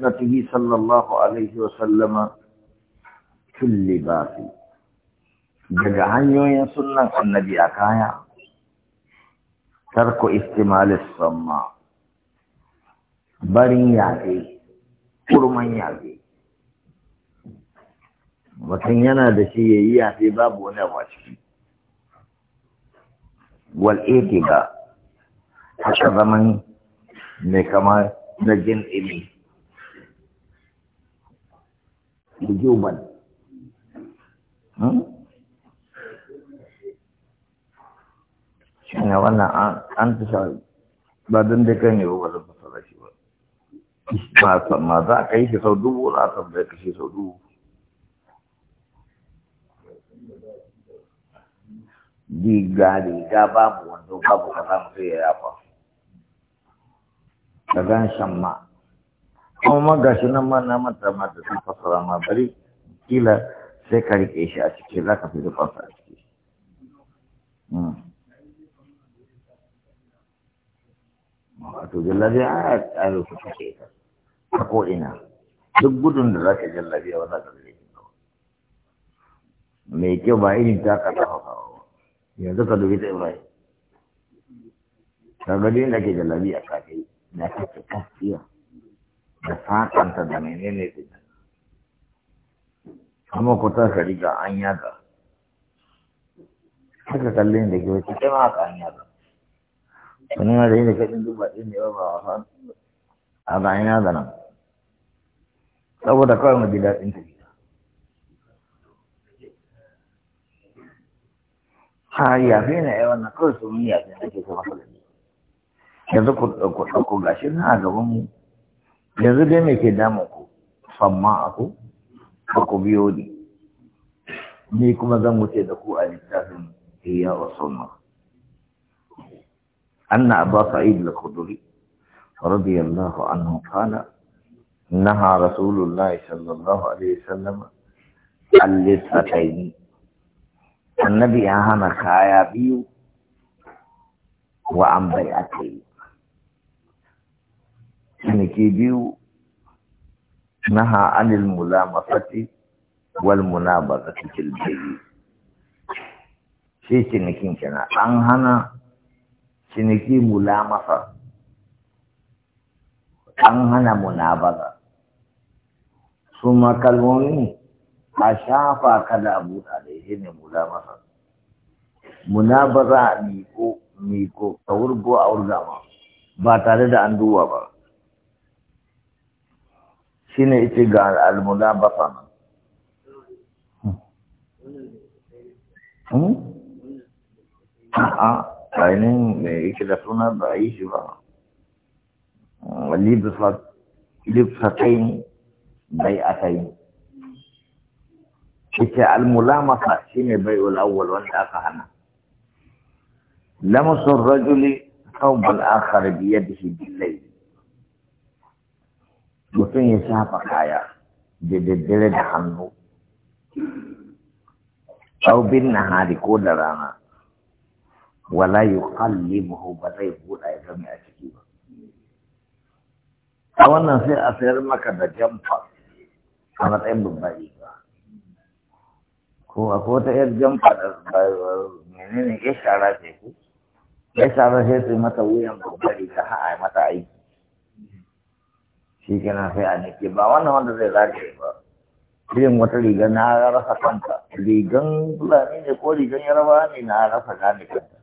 سنته صلى الله عليه وسلم في اللباس daga hanyoyin sunan annabi a kaya tarko istimalis samma barin yaƙe kurman yaƙe mutum yana da shi ya yi yafe babu wani abu a ciki wal'eti ba haka mai kama na jin ilimi wujuban hmm? shine wannan an ta sha ba don da kan yau ba zan fasara shi ba ba san ma za ka yi shi sau dubu za ka bai ka shi sau dubu di diga ga babu wanda babu kaza mutum ya yafa ka gan shan ma kuma gashi nan ma na manta ma da sun fassara ma bari kila sai ka rike shi a ciki za ka fi da fasa a ciki hmm. wato jallabi a tsaro ku take ta ko ina duk gudun da za ka jallabi wa za ka zai mai kyau ba irin ta ka dafa kawo yanzu ka dubi ta ibrahim ka gani da ke jallabi a kafin na kake kafiya da fatanta da menene ne amma ku ta ka ga an yada haka kallon da ke wace kai ma ka an yaga wani ma da yin da kaɗin duba din ne ba wasa a ga an yaga nan saboda kawai mu ji daɗin ta ha yafe na yawan na kawai su mun yafe ake kuma yanzu ku ɗauko gashi na a gaban mu yanzu dai me ke damu ku famma aku ba ku biyo ni ni kuma zan wuce da ku a littafin iya wa sunna anna abba sa'id al-khudri radiyallahu anhu qala naha rasulullah sallallahu alaihi wasallam al-lisatayn annabi ya hana kaya biyu wa an bai bai'atai ciniki biyu naha anil mulamafati wal munabazati cikin bay'i shi cinikin kenan an hana ciniki mulamasa an hana munabaza su makalmomi a shafa kada abu da yake ne mulamasa munabaza miko miko a wurgo a wurgama ba tare da an ba shi ne ita ga al'almuda ba fama hmm? a'a ah, ah, ainihin da yake da suna ba a yi shi ba libsatain bai a kai ita almulamasa shi ne bai ulawwal wanda aka hana lamusun rajuli kawbal akhar biyadihi billayl mutum ya shafa kaya da daddare da hannu au bin nahari ko da rana wala yuqallibuhu ba zai buɗa ya zama a ciki ba a wannan sai a sayar maka da jamfa a matsayin babban riga ko a ko ta yar jamfa da menene ya shara ce ku ya shara sai su mata wuyan babban riga ha a mata shi kana sai a nake ba wannan wanda zai zage ba irin wata riga na rasa kanta rigan fulani ne ko rigan yaraba ne na rasa gane kanta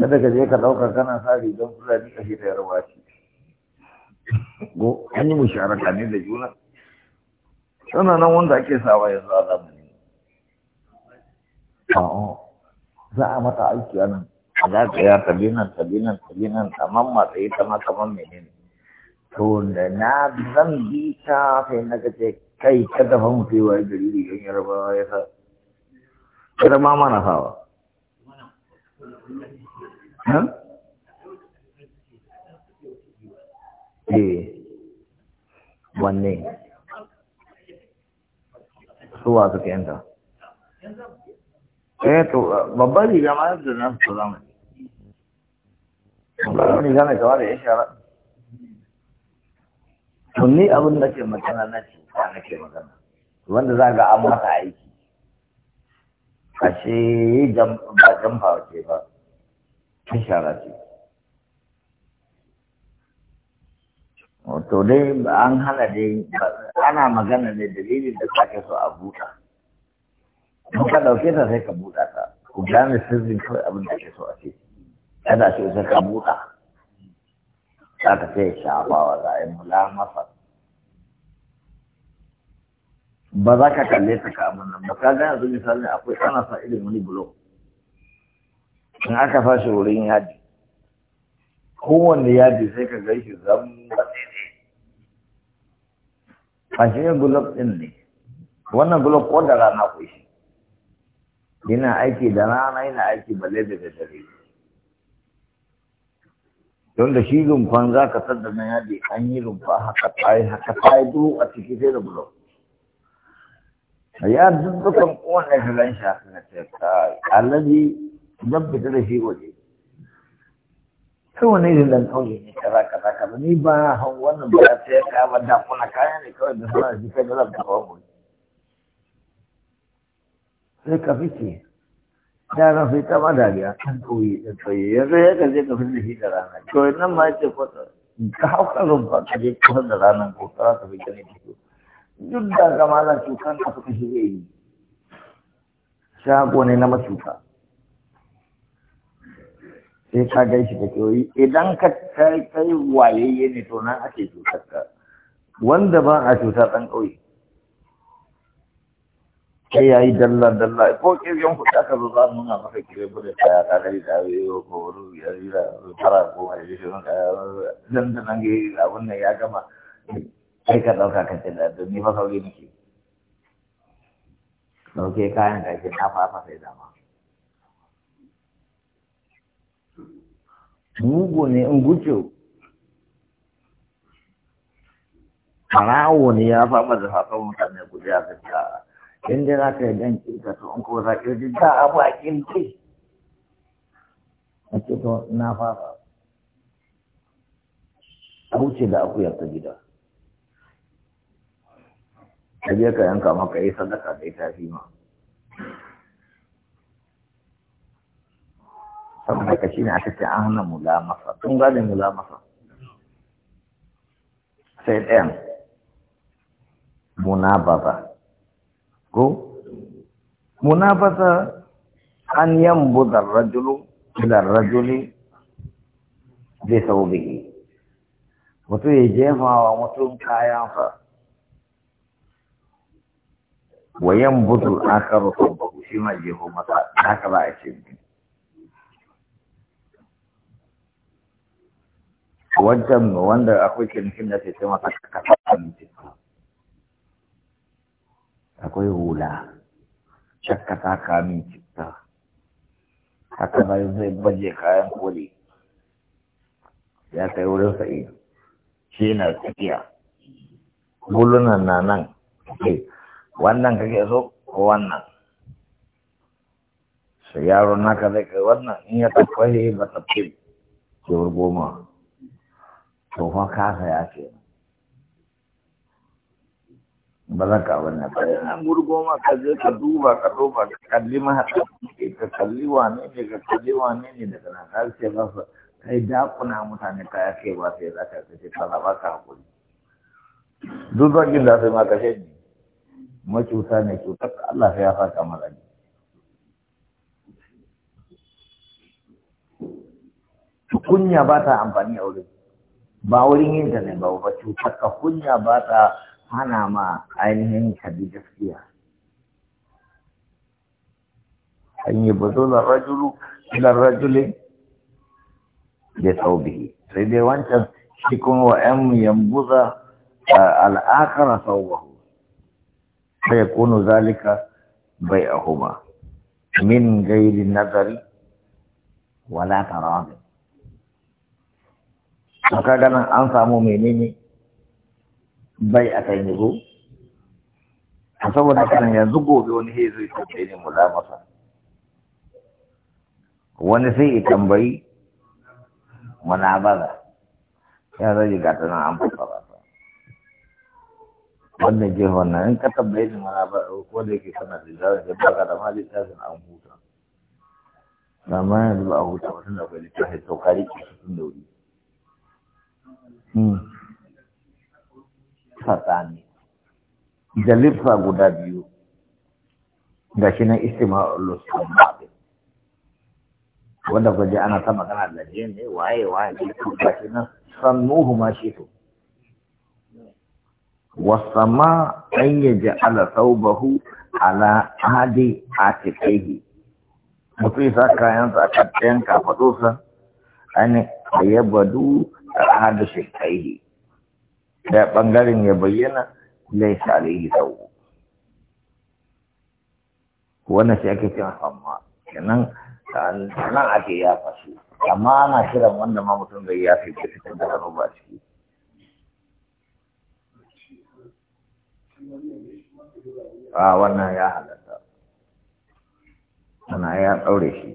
kada ka je ka ɗauka kana sa rigan fulani ka shi ta yaraba ce go an yi musharaka ne da juna suna nan wanda ake sawa yanzu a zamani a'a za a mata aiki a nan a za ka yi tabi nan tabi nan tabi nan kamar matsayi kamar kamar menene to da na zan bi ta sai na ce kai ka fa mu kai wai gari rigan yarbawa ya sa kada ma mana sawa eh wanne suwa su kenta. eh to babbar riga ma da na su zama babbar riga mai kawai da ya shara tunni abin da ke magana na ce ta na ke magana wanda za ga an masa aiki ashe ba jamfa ce ba shara ce to dai an hana dai ana magana ne dalilin da ke so a buɗa Kuma ka ɗauke ta sai ka buɗa ta ku gane sirrin kawai abin da ke so a ce yana ce sai ka buɗa aka ce shafa wa a yi masa. ba za ka kalle ta kamun nan ba ka ga yanzu misali akwai ana sa irin wani bulo in aka shi wurin yadi kowanne yadi sai ka gan shi zan a shi ne bulo ɗin ne wannan bulo ko da rana ko shi yana aiki da rana yana aiki balle da dare don da shi rumfan za ka sadda na yadi an yi rumfa haka tsaye haka tsaye duhu a ciki sai da bulo ya dukkan kowane ka gan shi haka na ce alaji don fita da shi waje kawai ne da dan kauye ne kaza kaza kaza ni ba hau wannan ba ya ce, ka ba da kuna kaya ne kawai da suna shi da zan kawo mu sai ka fice yaran sai ta ma dariya kan koyi da tsaye ya zai ya gaje ka fita shi da rana to nan ma yace ko ka hauka rumfa ka je kusa da ranar ko ka ka fi gani da su duk da gama za su kan ka suka shi zai yi shago ne na masuka sai ka gan shi da kewayi idan ka kai wayayye ne to nan ake cutar ka wanda ba a cutar ɗan ƙauye sai ya yi dalla-dalla ko kirgin kuɗi aka zo kire bude kaya kadari da yawo ko wuri ya yi da fara ko ya gama kai ka ka ce da ni ba kauri nake ɗauke kayan da ke fafa sai mugu ne in ne ya fama da fafa mutane guda a in dai za ka yi dan kirka to in ko za ka yi da abu a kirki a ce to na fara a wuce da akuyar ta gida ka je ka yanka maka yi sadaka da ita fi ma saboda ka shine aka ce an hana mula masa tun gane mula masa sai ɗayan muna baba ko munafasa an yambuda rajulu ila rajuli bi thawbihi mutum ya jefa wa mutum fa wa yambudu akharu thawbahu shi ma jeho mata haka ba a ce wajen wanda akwai kinkin da sai masa kasa a cikin akwai hula shakka ta kamin cikta, haka bayan zai baje kayan koli ya kai wurin sa'i shi na tsakiya bulunan na nan wannan kake so ko wannan su yaro naka zai kai wannan in ya tafi ba tafi cewar goma to fa kasa ya ce ba za ka wannan ba nan murgo ma ka je ka duba ka duba ka kalli mahaɗa ka kalli wane ne ka kalli wane ne daga nan ka ce ba su kai dakuna mutane ka yake ba sai za ka kace ka zaba ka hakuri duk zagin da sai ma ka shaidi macuta ne cutar Allah sai ya saka mara ne kunya ba ta amfani a wurin ba wurin yin ta ne ba ba cutar ka kunya ba ta hana ma ainihin kabi gaskiya an yi bazolar rajulu ilar rajulin da saubihi sai dai wancan shi kuma wa ‘yan yambuza al'akara sauwahu sai ya kunu zalika bai a huma min gairin nazari wala tarabin. Maka ganin an samu menene bai a kan yi ko a saboda kan yanzu gobe wani sai zai tambaye ne mu da masa wani sai ya tambayi munabara ya zai ga ta nan an ba ta wanda ke nan in ka tambaye ni munabara ko da yake kana da zawo da baka da mali tsarin an huta amma yanzu zuba a huta wasu na kwalita kwai saukari ke sun da wuri hmm. fatani da liffa guda biyu da shi na istima'ul lusamma wanda ku je ana ta magana da je ne waye waye ne ba shi nan nuhu ma shi to wasama an ji ala saubahu ala a atiqaihi mutum sa kayan sa kan ɗayan kafaɗo sa a yabadu ala hadi shiqaihi Ɗaya bangaren ya bayyana laisa alaihi sau wannan sai ake cin amma kenan nan ake ya fasu amma ana shirin wanda ma mutum zai ya fi cikin da hannu ba ciki a wannan ya halatta ana ya ɗaure shi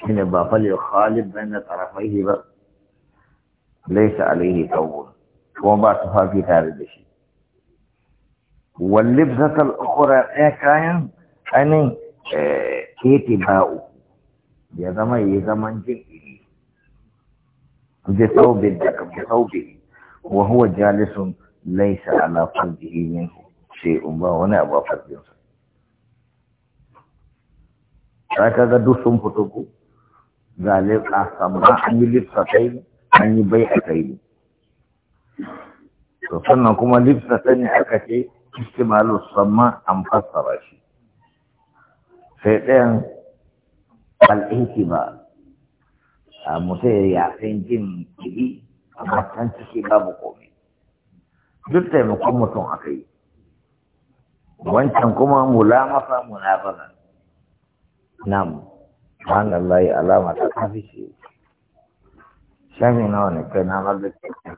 shine ba fal ya khalid da tarafaihi ba laisa alaihi kawun kuma ba hafi tare da shi wallif zatar ukura ɗaya eh, kayan anin? keti eh, ba uku ya zama yi zaman jin iri bisaubi da bisaubi wa huwa jalisun laisa ala fardihi min ba wani abu a fardinsa ta kaga duk sun fito ku galib a samu an yi lifta sai an yi bai a kai to sannan kuma lifta sani aka ce istimalu samman an fassara shi sai ɗayan al'inki ba a mutu ya san jin kiri a matan ciki babu komai duk taimakon mutum aka yi wancan kuma mula masa munafaza nam layi alama ta kafi shi shafi nawa ne kai na mallake